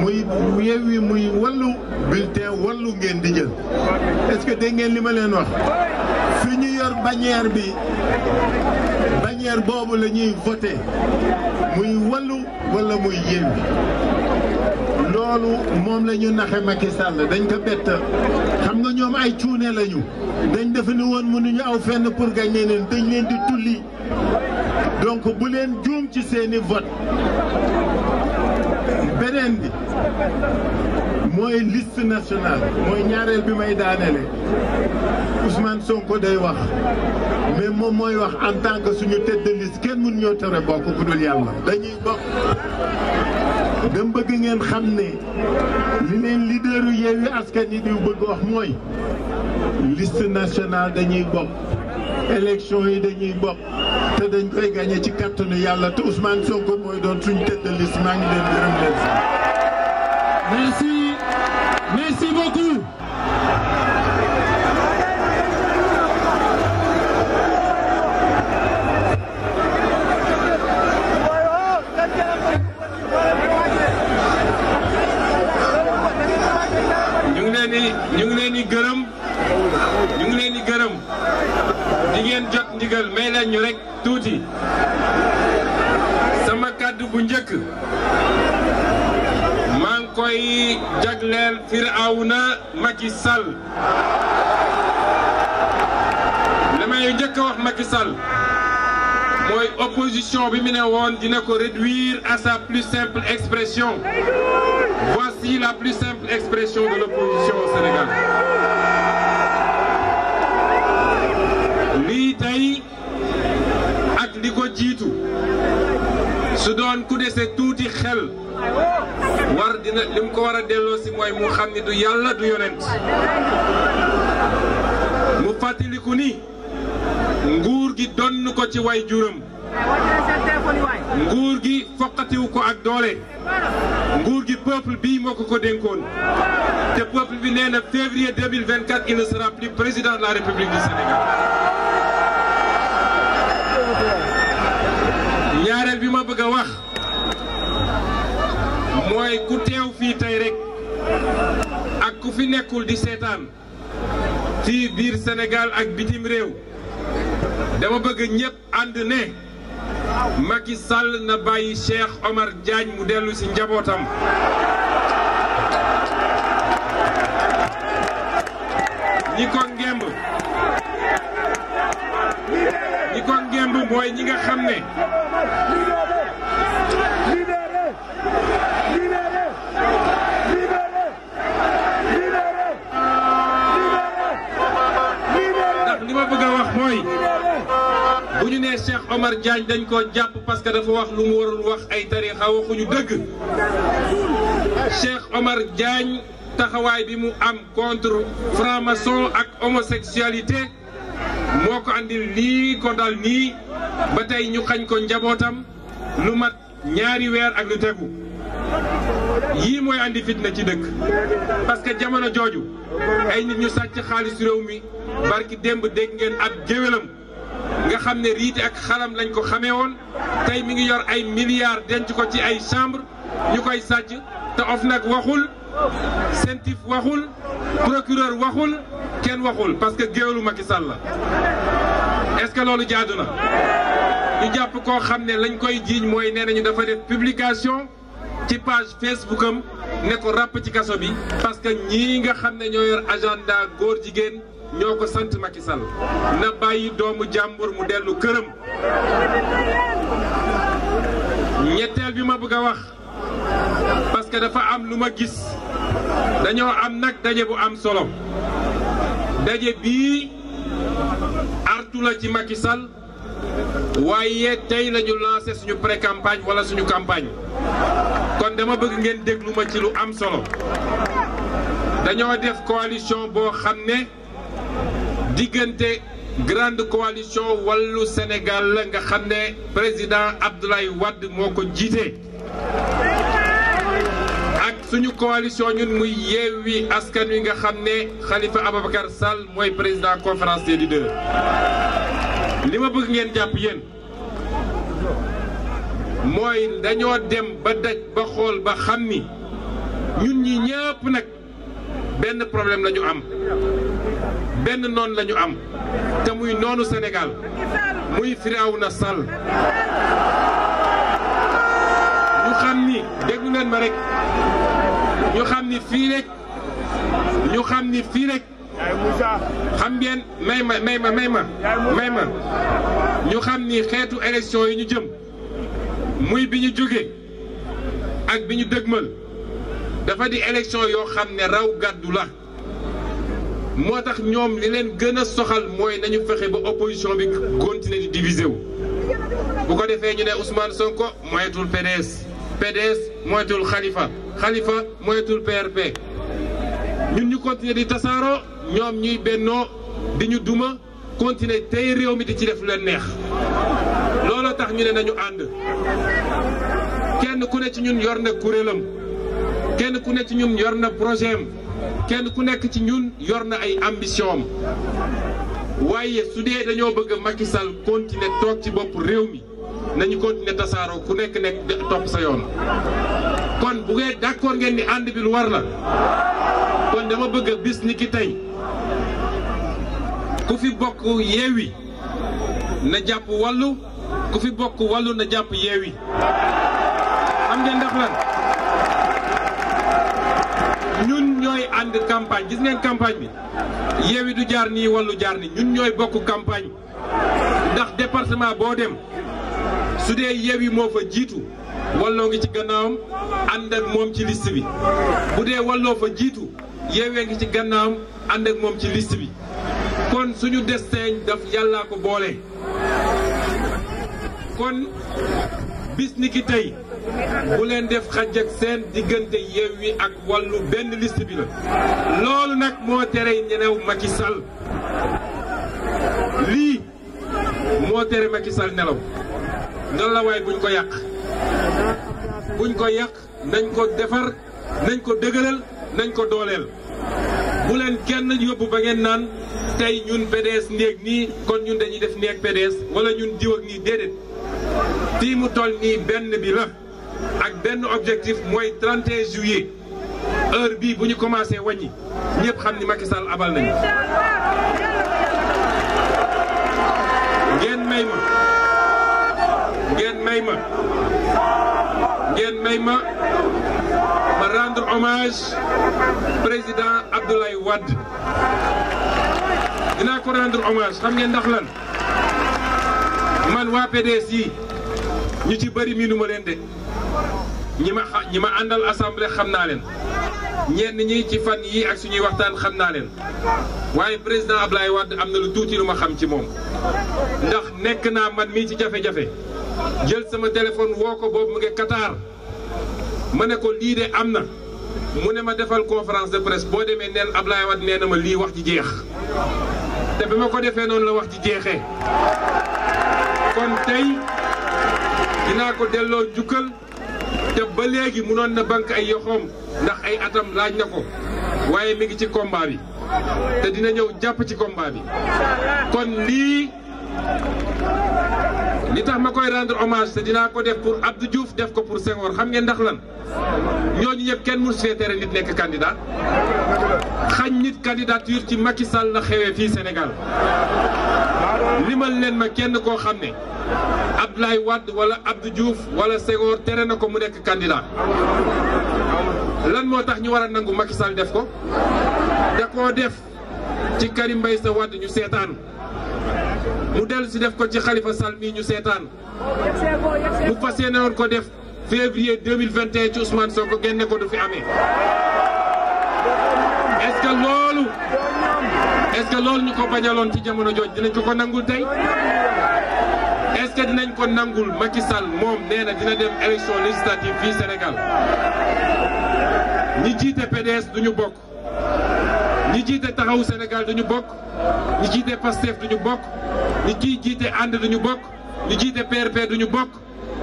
[SPEAKER 3] muy Yewwi muy wallu bulletin wallu ngeen di jël est-ce que dégg ngeen li ma leen wax fi ñu yor bannière bi bannière boobu la ñuy voté muy wallu wala muy Yewwi loolu moom la ñu naxe Macky Sall dañ ko bett xam nga ñoom ay cuune lañu dañ defe ni woon mënuñu aw fenn pour gagné leen dañ leen di tulli donc bu leen juum ci seeni vote beneen bi mooy liste nationale mooy ñaareel bi may daanele Ousmane Sonko day wax mais moom mooy wax en tant que suñu tête de kenn mënu ñoo tere bokk ku dul yàlla dañuy bokk dama bëgg ngeen xam ne li leen leaderu Yewwi Askan Wi di bëgg wax mooy liste nationale dañuy bokk élection yi dañuy bokk te dañ koy gañe ci kàttanu yàlla te Ousmane Sonko mooy doon suñ tête de liste maa leen gërëm leen merci merci
[SPEAKER 4] ndigal may leen ñu rek tuuti sama kàddu bu njëkk maa ngi koy jagleel Firawna Macky Sall li may njëkk a wax Macky Sall mooy opposition bi mu ne woon dina ko réduire à sa plus simple expression voici la plus simple expression de l'opposition Sénégal su doon ku dese tuuti xel war dina lim ko war a delloo si mooy mu xam du yàlla du yonent mu fàttaliku ni nguur gi donn ko ci way juram nguur gi foqatiwu ko ak doole nguur gi peuple bii moo ko ko dénkoon te peuple bi nee na février 2024 il ne sera président la république du mooy ku teew fii tey rek ak ku fi nekkul di seetaan ci biir Sénégal ak bitim réew dama bëgg ñëpp ànd ne Macky Sall na bàyyi Cheikh Omar jaañ mu dellu ci njabootam. ñi ko ñi ko ngemb mooy ñi nga xam ne. Cheikh Omar Diagne dañ ko jàpp parce que dafa wax lu mu warul wax ay tarixa waxuñu dëgg Cheikh Omar Diagne taxawaay bi mu am contre franc-maçon ak homosexualité moo ko indi lii ko dal nii ba tey ñu xañ ko njabootam lu mat ñaari weer ak lu tegu yii mooy andi fitna ci dëkk parce que jamono jooju ay nit ñu sàcc xaalis réew mi barki démb dégg ngeen ab géwélam nga xam ne riite ak xalam lañ ko xamee woon tey mi ngi yor ay milliards denc ko ci ay chambre ñu koy sàcc te OFNAC waxul CENTIF waxul procureur waxul kenn waxul parce que géwélu Macky Sall la est-ce que loolu jaadu na ñu jàpp koo xam ne lañ koy jiiñ mooy nee nañu dafa def publication ci page Facebook am ne ko ràpp ci kaso bi parce que ñii nga xam ne ñoo yor agenda góor jigéen ñoo ko sant Macky Sall na bàyyi doomu jàmbur mu dellu këram ñetteel bi ma bëgg a wax parce que dafa am lu ma gis dañoo am nag daje bu am solo daje bii artu la ci Macky waaye tey lañu lancé suñu pré-campagne wala suñu campagne kon dama bëgg ngeen déglu ma ci lu am solo dañoo def coalition boo xam ne diggante grande coalition wàllu Sénégal la nga xam ne président Abdoulaye wadd moo ko jiite. ak suñu coalition ñun muy Yewwi Askan Wi nga xam ne Khalifa Ababacar Sall mooy président conférence des leaders. li ma bëgg ngeen jàpp yéen mooy dañoo dem ba daj ba xool ba xam ni ñun ñi ñëpp nag. benn problème lañu ñu am benn noonu la am te muy noonu Sénégal muy Firawna sal ñu xam ni déglu ma rek ñu xam ni fii rek ñu xam ni fii rek xam ngeen may ma may ma ñu xam ni xeetu élection yi ñu jëm muy bi ñu jóge ak bi ñu dëgmal dafa di élection yoo xam ne raw gàddu la moo tax ñoom li leen gën a soxal mooy nañu fexe ba opposition bi continuer di diviser wu. bu ko defee ñu ne Ousmane Sonko moyetul PDS PDS moyetul Khalifa xalifa moyetul PRP ñun ñu continuer di tasaaroo ñoom ñuy bennoo di ñu duma continuer tey réew mi di ci def leen neex loolu tax ñu ne nañu ànd kenn ku ne ci ñun yor na kuréelam. kenn ku nekk ci ñun yor na projet kenn ku nekk ci ñun yor na ay ambition waaye su dee dañoo bëgg a Macky Sall continuer toog ci bopp réew mi nañu continuer tasaaroo ku nekk nekk topp sa yoon. kon bu ngeen d'accord ngeen ni ànd bi lu war la kon dama bëgg a bis ni ki tey ku fi bokk yeewi na jàpp wàllu ku fi bokk wàllu na jàpp yeewi xam ngeen ndax lan. ànd campagne gis ngeen campagne bi Yewwi du jaar nii Wallu jaar nii ñun ñooy bokk campagne ndax département boo dem su dee Yewwi moo fa jiitu Walloo ngi ci gannaawam ànd ak moom ci list bi dee Walloo jiitu Yewwi ngi ci gannaawam ànd moom ci liste bi kon suñu destin daf yàllaa ko boole kon bis tey bu leen def xaj ak seen diggante Yewwi ak Wallu benn liste bi la loolu nag moo tere ñenew Macky Sall lii moo tere Macky Sall nelaw nan la waay buñ ko yàq buñ ko yàq nañ ko defar nañ ko dëgëral nañ ko dooleel bu leen kenn yóbbu ba ngeen naan tey ñun PDS néeg nii kon ñun dañuy def néeg PDS wala ñun diw ak nii déedéet fii mu toll nii benn bi la ak benn objectif mooy 31 juillet heure bii bu ñu commencé waññi ñëpp xam ni Macky Sall abal nañu. ngeen may ma ngeen may ma ngeen may ma ma rendre hommage président Abdoulaye Wade dinaa ko rendre hommage xam ngeen ndax lan man waa PDS yi ñu ci bari miinu ma leen de. ñi ma ñi ma àndal assemblée xam naa leen ñenn ñi ci fan yi ak suñuy waxtaan xam naa leen waaye président Ablaye Wade am na lu tuuti lu ma xam ci moom ndax nekk naa man mi ci jafe-jafe jël sama téléphone woo ko boobu mu ngi Qatar ma ne ko lii de am na mu ne ma defal conférence de presse boo demee neen Ablaye Wade nee na ma lii wax ji jeex te bi ma ko defee noonu la wax ji jeexee kon tey dinaa ko delloo njukkal te ba léegi mu noon na bank ay yoxoom ndax ay atam laaj na ko waaye mi ngi ci combat bi te dina ñëw jàpp ci combat bi kon lii li tax ma koy rendre hommage te dinaa ko def pour Abdou juuf def ko pour Senghor xam ngeen ndax lan ñooñu ñëpp kenn mënu fee tere nit nekk candidat xañ nit candidature ci Macky Sall la xewee fii Sénégal limal leen ma kenn koo xam ne Abdoulaye Wade wala Abdou juuf wala Senghor tere na ko mu nekk candidat lan moo tax ñu wara nangu Macky Sall def ko da koo def ci Karim Meïssa Wade ñu seetaan mu dellu si def ko ci Khalifa Sall ñu seetaan mu fas yéene woon ko def février 2021 ci Ousmane Sonko génne ko du fi amee est-ce que loolu est-ce que loolu ñu ko bañaloon ci jamono jooj dinañ ko ko nangul tey est-ce que dinañ ko nangul Macky Sall moom nee na dina dem élection législative fii Sénégal ñi jiite PDS duñu bokk ñi jiite taxawu Sénégal duñu bokk ñi jiite Pastef duñu bokk ñi jiite ànd duñu bokk ñi jiite PRP duñu bokk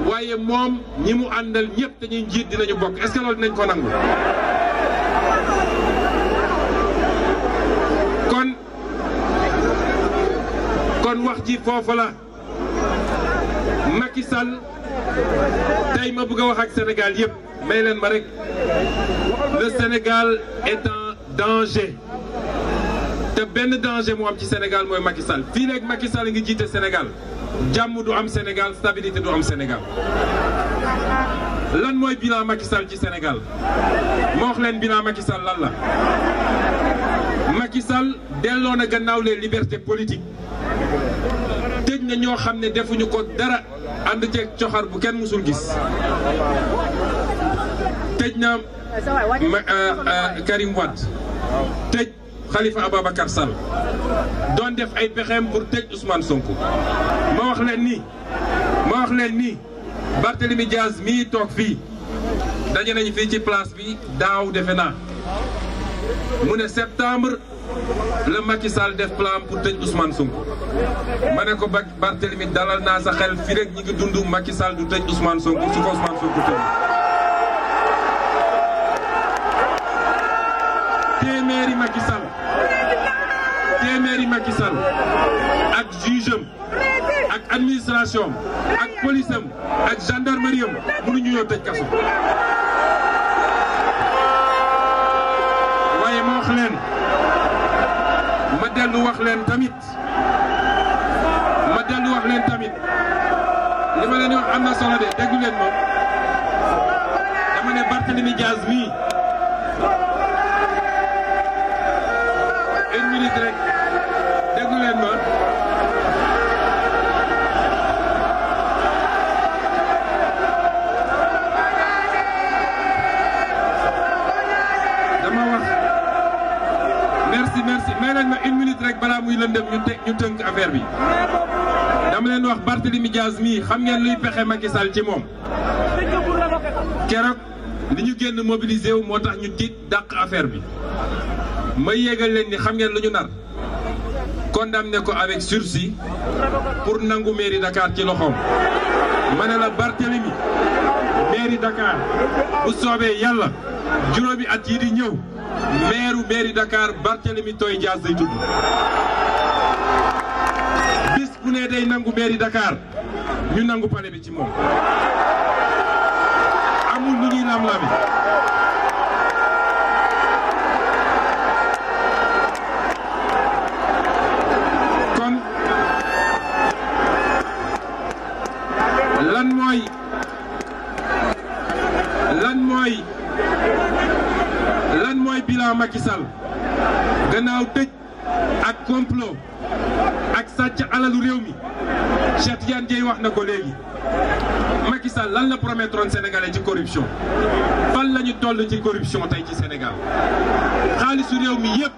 [SPEAKER 4] waaye moom ñi mu àndal ñëpp dañuy njiit dinañu bokk est-ce dinañ ko nangu. kon kon wax ji foofu la Macky Sall tey ma bëgg a wax ak Sénégal yëpp may leen ma rek le Sénégal est en danger. benn danger mu am ci Sénégal mooy Macky Sall fii léegi Macky Sall ngi jiite Sénégal jàmm du am Sénégal stabilité du am Sénégal. lan mooy bilan Macky ci Sénégal moo wax leen bilan lan la Macky delloo na gannaaw les libertés politiques tëj na ñoo xam ne defuñu ko dara ànd ceeg coxar bu kenn mësul gis tëj na euh, euh, Karim tëj Khalifa Ababacar Sall doon def ay pexeem pour tëj Ousmane Sonko ma wax leen ni ma wax leen ni Barthélemy Diaz mii toog fii daje nañu fii ci place bi daaw defe naa mu ne septembre la Macky Sall def plan pour tëj Ousmane Sonko ma ne ko Barthélemy dalal naa sa xel fii rek ñi ngi dund Macky Sall du tëj Ousmane Sonko su ko Ousmane Sonko tëj téeméeri téeméeri Macky Sall ak juge am ak administration ak police am ak gendarmerie am mënuñu ñoo tëj kaso. waaye ma wax leen ma dellu wax leen tamit ma dellu wax leen tamit li ma leen wax am na solo de déglu leen moom dama ne Barthélémy Diaz mii. une minute rek déglu leen ma. dama merci merci may ma une minute rek balaa muy lëndëm ñu teg ñu tënk affaire bi. dama leen wax Barthélemy Diaz mii xam ngeen luy pexe Macky Sall ci moom. keroog li ñu génn mobilisé wu moo tax ñu tiit dàq affaire bi. may yégal leen ni xam ngeen lu ñu nar ne ko avec sursis pour nangu mairie Dakar ci loxoom ma ne la Barthélemy mairie Dakar bu soobee yàlla juróomi at yi di ñëw maireu mairie Dakar Barthélemy Toye Dias day tudd bis bu ne day nangu mairie Dakar ñu nangu palais bi ci moom amul lu ñuy lam Macky Sall gannaaw dëj ak complot ak sàcc alalu réew mi Cheikh Tidiane Dieye wax na ko léegi Macky Sall lan la promettroon sénégalais ci corruption fan la ñu toll ci corruption tey ci Sénégal xaalisu réew mi yépp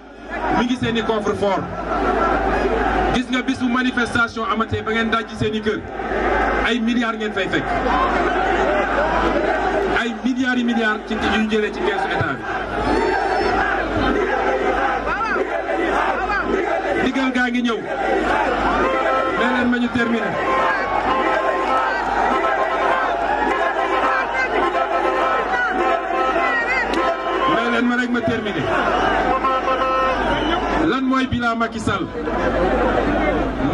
[SPEAKER 4] mi ngi seen i coffre fort gis nga bisu manifestation amatee ba ngeen dajji ci seeni kër ay milliards ngeen fay fekk ay milliards yi milliards ci ñu jëlee ci keesu état bi ngi ñëw mais lan mooy bilan Macky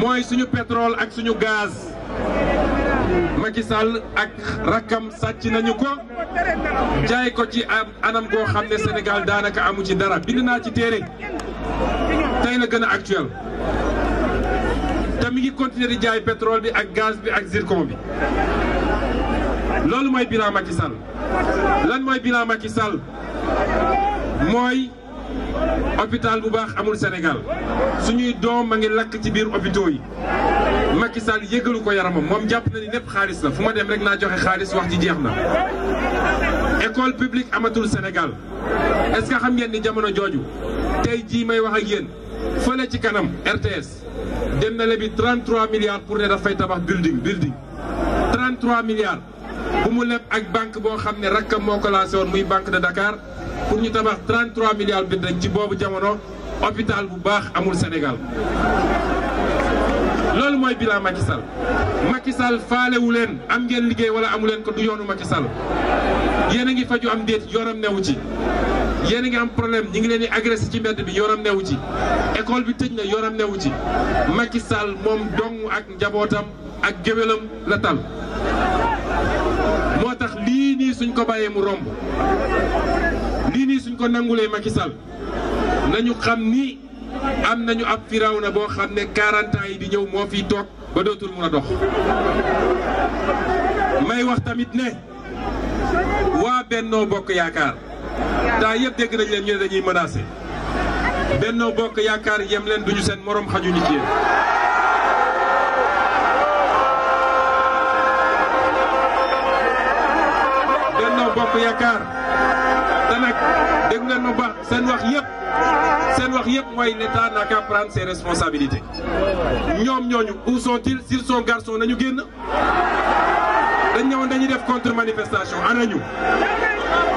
[SPEAKER 4] mooy suñu pétrole ak suñu gaz Macky ak rakkam sàcc nañu ko jaay ko ci anam goo xam ne Sénégal daanaka amu ci dara bind naa ci téere tey la gën a actuel te mi ngi continuer di jaay pétrole bi ak gaz bi ak zircon bi loolu mooy bilan Macky Sall lan mooy bilan Macky Sall mooy hôpital bu baax amul Sénégal suñuy doom a ngi lakk ci biir hôpitaux yi Macky Sall yëgalu ko yaramam moom jàpp na ni lépp xaalis la fu ma dem rek naa joxe xaalis wax ji jeex na école publique amatul Sénégal est xam ngeen ni jamono jooju tey jii may wax ak yéen fële ci kanam RTS dem na lebi 33 milliards pour ne dafay tabax building building 33 milliards bu mu leb ak banque boo xam ne rakkam moo ko lancé woon muy banque de Dakar pour ñu tabax 33 milliards bi dañ ci boobu jamono hôpital bu baax amul senegal loolu mooy bilan Macky Sall Macky Sall faalewu leen am ngeen liggéey wala amu leen ko du yoonu Macky Sall yéen a ngi faju am déet yoonam newu ci. yéen a ngi am problème ñi ngi leen di agressé ci mbedd bi yoonam newu ci école bi tëj na yoonam newu ci Macky Sall moom dong ak njabootam ak géwélam la tal moo tax lii nii suñ ko bàyyee mu romb lii nii suñ ko nangulee Macky Sall nañu xam ni am nañu ab firawna boo xam ne 40 ans yi di ñëw moo fi toog ba dootul mun a dox may wax tamit ne waa Bennoo Bokk Yaakaar temps yëpp dégg nañ leen ñu ne dañuy menacé Benno Bokk Yaakaar yem leen duñu seen morom xajuñu ci yéen. Benno Bokk Yaakaar te nag dégg ngeen ma baax seen wax yëpp seen wax yëpp mooy l'État n'a a prendre ses responsabilités ñoom ñooñu où sont-ils s'ils sont garçons nañu génn dañ ñëwoon dañuy def contre manifestation anañu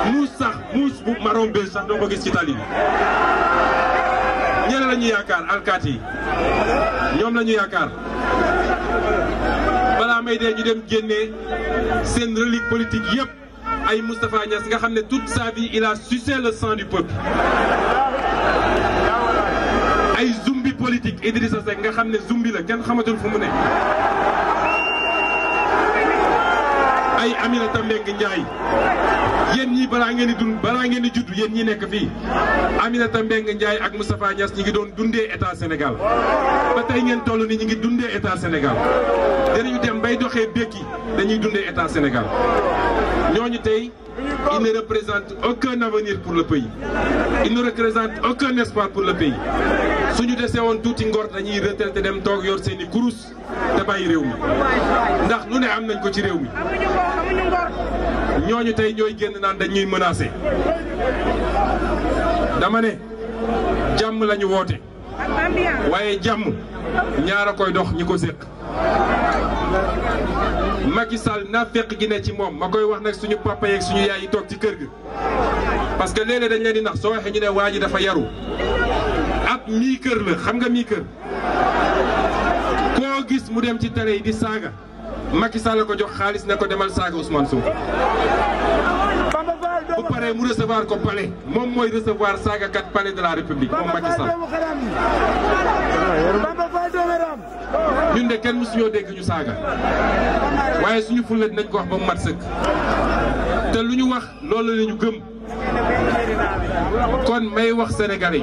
[SPEAKER 4] muus sax muus bu marom be sax doo ko gis ci tali bi ñeneen la yaakaar alkaat yi ñoom la yaakaar balaa may dee ñu dem génne seen relique politique yëpp ay Moustapha Niass nga xam ne toute sa vie il a sucé le sang du peuple ay zumbi politique Idrissa Seck nga xam ne zumbi la kenn xamatul fu mu nekk ay Aminata Mbengue Ndiaye yéen ñi balaa ngeen di dund balaa ngeen di judd yéen ñi nekk fii Aminata Mbengue Ndiaye ak Moustapha Niass ñi ngi doon dundee état senegal ba tey ngeen toll ni ñi ngi dundee état Sénégal danañu dem bay doxee békki dañuy dundee état senegal ñooñu tey ils ne représentent aucun pour le pays ils ne représentent aucun espoir pour le pays suñu desee woon tuuti ngor dañuy retraité dem toog yor seeni kurus te bàyyi réew mi ndax lu ne am nañ ko ci réew mi ñooñu tey ñooy génn naan dañuy menacé dama ne jàmm la woote waaye jàmm ñaar a koy dox ñi ko séq Macky Sall naafeq gi ne ci moom ma koy wax nag suñu papa yeeg suñu yaay yi toog ci kër gi parce que léeg dañ leen di nax soo waxee ñu ne waa ji dafa yaru at mii kër la xam nga mii kër koo gis mu dem ci télé yi di saaga Macky Sall ko jox xaalis ne ko demal saaga Ousmane Sonko bu paree mu recevoir ko palais moom mooy recevoir saagakat palais de la République moom Macky Sall ñun de kenn mësuñoo dégg ñu saaga waaye suñu fulla dinañ ko wax ba mu mat sëkk te lu ñu wax loolu la ñu gëm kon may wax sénégalais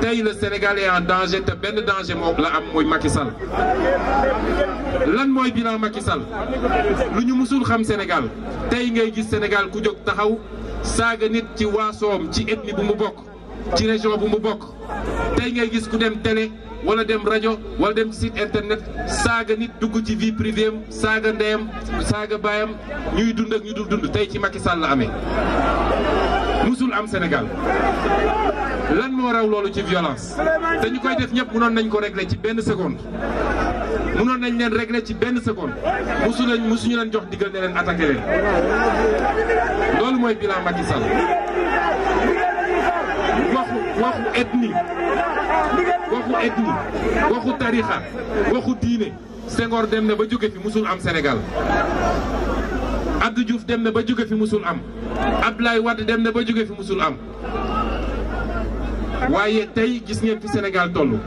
[SPEAKER 4] tey le Sénégal est en danger te benn danger moom la am mooy Macky Sall lan mooy bilan Macky Sall lu ñu mësul xam Sénégal tey ngay gis Sénégal ku jóg taxaw saaga nit ci waasoom ci ethnie bu mu bokk ci région bu mu bokk tey ngay gis ku dem télé wala dem rajo wala dem site internet saaga nit dugg ci vie privée am saaga ndeyam saaga baayam ñuy dund ak ñu dul dund tey ci Macky Sall la amee musul am senegal lan moo raw loolu ci violence te ñu koy def ñëpp mënoon nañ ko régler ci benn seconde mënoon nañ leen régler ci benn seconde musu lañ musuñu leen jox digal ne leen attaqué leen loolu mooy bilan Macky Sall waxu waxu ethnie waxu ethnie waxu tarixa waxu diine Senghor dem na ba jóge fi musul am Sénégal Abdou Diouf dem na ba jóge fi musul am Abdoulaye Wade dem na ba jóge fi musul am waaye tey gis ngeen fi senegal toll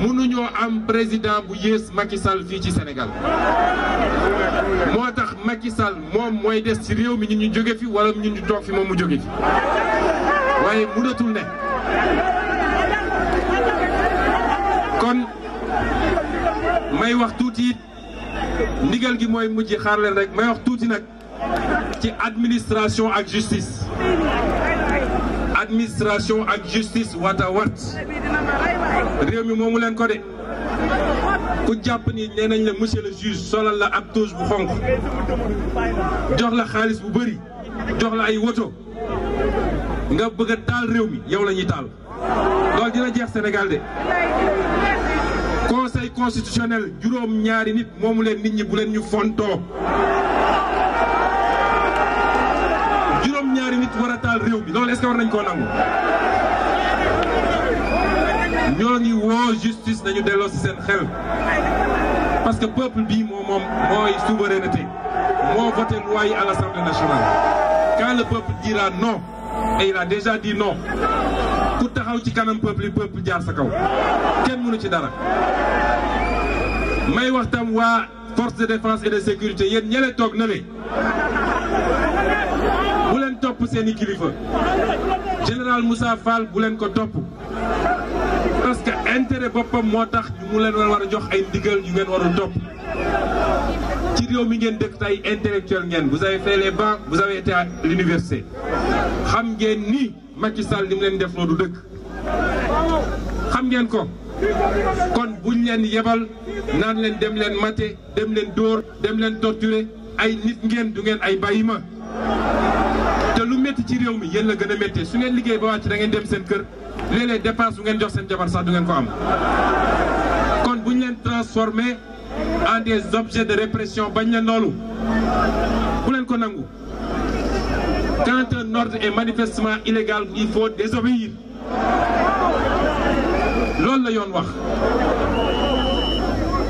[SPEAKER 4] mënuñoo am président bu yées Macky Sall fii ci Sénégal moo tax Macky Sall moom mooy des ci réew mi ñu ñu jóge fi wala ñun ñu toog fi moom mu jóge fi waaye mënatul ne may wax tuuti it ndigal gi mooy mujj xaar rek may wax tuuti nag ci administration ak justice administration ak justice wata wat réew mi moomu leen ko de ku jàpp ni nee nañ la monsieur le juge solal la ab toos bu xonq jox la xaalis bu bëri jox la ay woto nga bëgg a taal réew mi yow la ñuy taal loolu dina jeex Sénégal de constitutionnel juróom ñaari nit moomu leen nit ñi bu leen ñu fontoo juróom ñaari nit war a taal réew mi loolu est-ce que nañ koo nangu ñoo ngi woo justice nañu delloo si seen xel parce que peuple bi moom moom mooy souveraineté moo voté loi yi à l'Assemblée nationale quand le peuple dira non et il déjà dit non taxaw ci kanam peuple yi peuple jaar sa kaw kenn mënu ci dara may wax tam waa force de défense et de sécurité yéen ñële toog na le bu leen topp seeni kilifa général Moussa Fall bu leen ko topp parce que intérêt boppam moo tax mu leen war a jox ay ndigal yu ngeen warul topp ci réew mi ngeen dëkk tey intellectuel ngeen vous avez fait les banques vous avez été à l'université xam ngeen ni Macky Sall li mu leen def loo du dëkk xam ngeen ko kon buñ leen yebal naan leen dem leen maté dem leen dóor dem leen torturé ay nit ngeen du ngeen ay bàyyi ma te lu metti ci réew mi yéen la gën a méttee su ngeen liggéey ba wàcc da ngeen dem seen kër léeg-léeg dépense bu ngeen jox seen jabar sax du ngeen ko am kon buñ leen transformé en des objets de répression bañ na noonu bu leen ko nangu quand un et manifestement illégal il faut désobéir loolu la yoon wax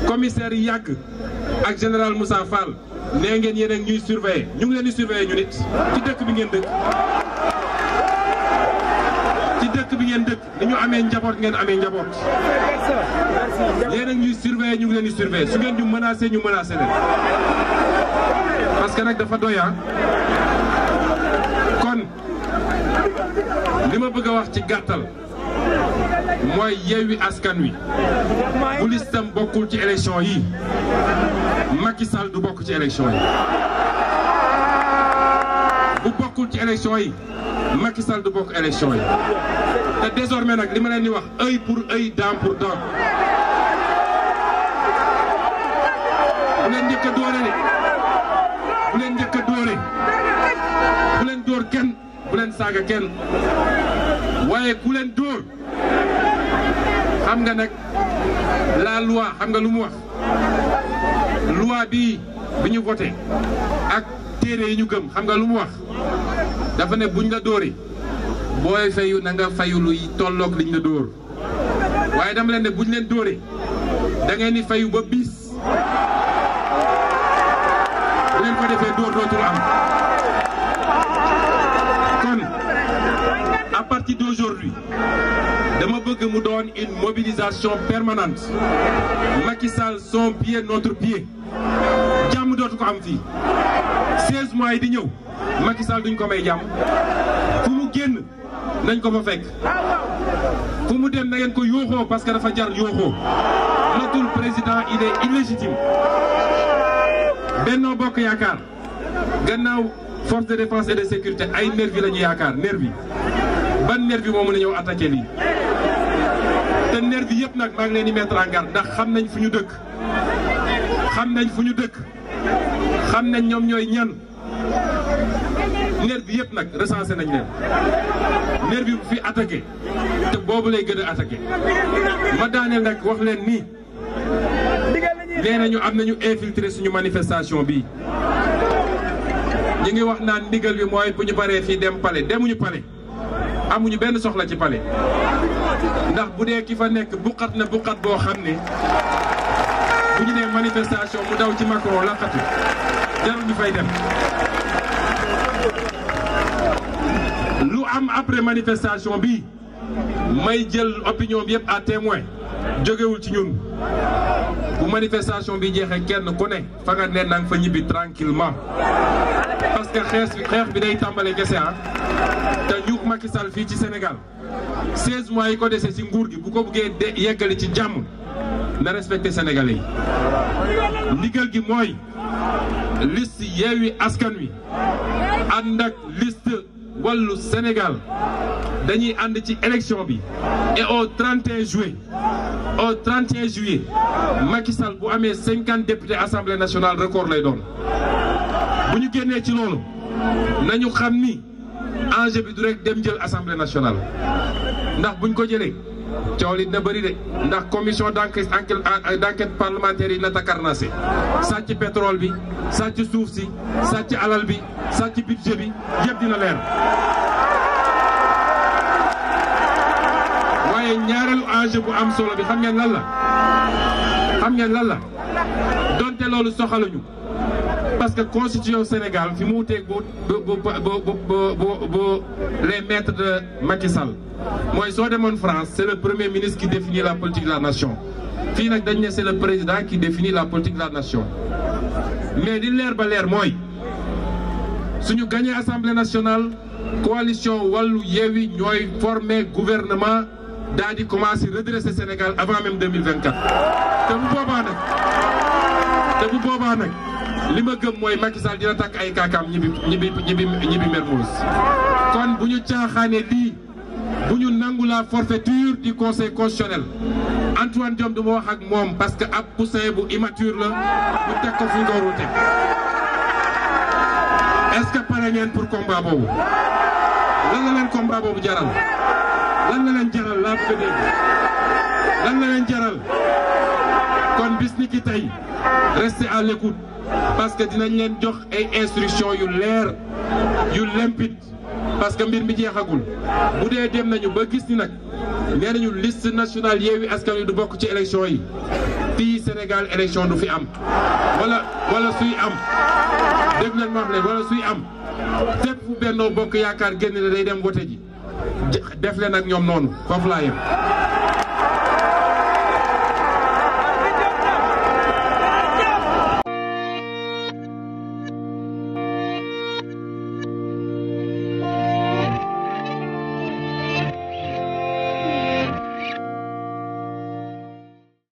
[SPEAKER 4] commissaire yi yàgg ak général Moussa Fall nee ngeen yéen ñuy surveiller ñu ngi leen di surveiller ñu nit ci dëkk bi ngeen dëkk ngeen dëkk ni amee njaboot ngeen amee njaboot yéen ñuy surveiller ñu ngi leen di su ngeen ñu menacer ñu menacer leen parce que dafa doyaan ah. kon li ma bëgg a wax ci gàttal mooy Yewwi Askan Wi bu listam bokkul ci élection yi Macky Sall du bokk ci élection yi bu bokkul ci élection yi. Macky Sall du bokk élection yi te désormais nag li ma leen di wax œil pour œil dent pour dent bu leen njëkk a dóore de bu leen njëkk a dóore bu leen dóor kenn bu leen saaga kenn waaye ku leen dóor xam nga nag la loi xam nga lu mu wax loi bi bi ñu voté ak. téere yi ñu gëm xam nga lu mu wax dafa ne buñ la dóori booy fayu na nga fayu lu tolloog liñ la dóor waaye dama leen ne buñ leen dóoree da ni di fayu ba bis bu ngeen ko defee dóor dootul am kon à partir d'aujourd'hui dama bëgg mu doon une mobilisation permanente Macky Sall son pied notre pied jàmm dootu ko am fii 16 yi di ñëw Macky Sall duñ ko may jàmm fu mu génn nañ ko fa fekk fu mu dem na ngeen ko yooxoo parce que dafa jar yooxoo matul président il est illégitime Benno Bokk Yaakaar gannaaw force de défense de sécurité ay nervi la ñu yaakaar nervi ban nervi moo mën a ñëw attaqué lii te nervi yëpp nag maa ngi leen di mettre en ndax xam nañ fu ñu dëkk xam nañ fu ñu dëkk xam nañ ñoom ñooy ñan nervi bi yëpp nag recensé nañ leen nervi bi fi attaqué te boobu lay gën a attaqué ma daaneel nag wax leen nii nee nañu am nañu infiltré suñu manifestation bii ñu ngi wax naan ndigal bi mooy bu ñu paree fii dem pale demuñu pale amuñu benn soxla ci pale ndax bu dee ki fa nekk buqat na buqat boo xam ne manifestation mu daw ci Macron laqatu ñu fay dem. lu am après manifestation bi may jël opinion bi yëpp à témoin jógewul ci ñun bu manifestation bi jeexee kenn ku ne fa nga ne na fa ñibbi tranquillement parce que xeex xeex bi day tàmbale kese ah te ñu Macky Sall fii ci Sénégal 16 mois yi ko dese ci nguur gi bu ko buggee yeggale ci jàmm. na respecté sénégalais yi gi mooy liste yeewi askan wi ànd ak liste wàllu Sénégal dañuy ànd ci élection bi et au 31 juillet au 31 juillet Macky Sall bu amee 50 députés assemblée nationale record lay doon bu ñu génnee ci loolu nañu xam ni enjeu bi du rek dem jël assemblée nationale ndax buñ ko jëlee. coow li dina bëri de ndax commission d'enquête euh, d'enquête parlementaire yi na takarnase sàcc pétrole bi sàcc suuf si sàcc alal bi sàcc budget bi yëpp dina leer waaye ñaareelu enjeu bu am solo bi xam ngeen lan la xam ngeen lan la donte loolu soxaluñu parce que constitution Sénégal fi mu wuteeg bu bu bu bu bu les maîtres de Macky Sall mooy soo demoon France c'est le premier ministre qui définit la politique de la nation fii nag dañ ne c'est le président qui définit la politique de la nation mais li leer ba leer mooy suñu gagné assemblée nationale coalition wàllu yeewi ñooy former gouvernement daal di commencer redresser Sénégal avant même 2024 te bu boobaa nag te bu boobaa nag. li ma gëm mooy Macky Sall dina takk ay kaakaam ñibbi ñibbi ñibbi ñibbi Mermoz kon bu ñu caaxaane di bu ñu nangu la forfaiture du conseil constitutionnel Antoine Diome du ma wax ak moom parce que ab poussin bu immature la bu teg ko fu ngooru teg est-ce que pare ngeen pour combat boobu lan la leen combat boobu jaral lan la leen jaral laa bëgg a dégg lan la leen jaral kon bis ni ki tey restez à l'écoute parce que dinañ leen jox ay instructions yu leer yu limpide parce que mbir mi jeexagul bu dee dem nañu ba gis ni nag nee nañu liste nationale Yewwi Askan Wi du bokk ci élection yi fii Sénégal élection du fi am walla walla suy am dégg leen ma leen wala suy am fépp fu Benno Bokk Yaakaar génn ne day dem wote ji def leen ak ñoom noonu foofu laa yem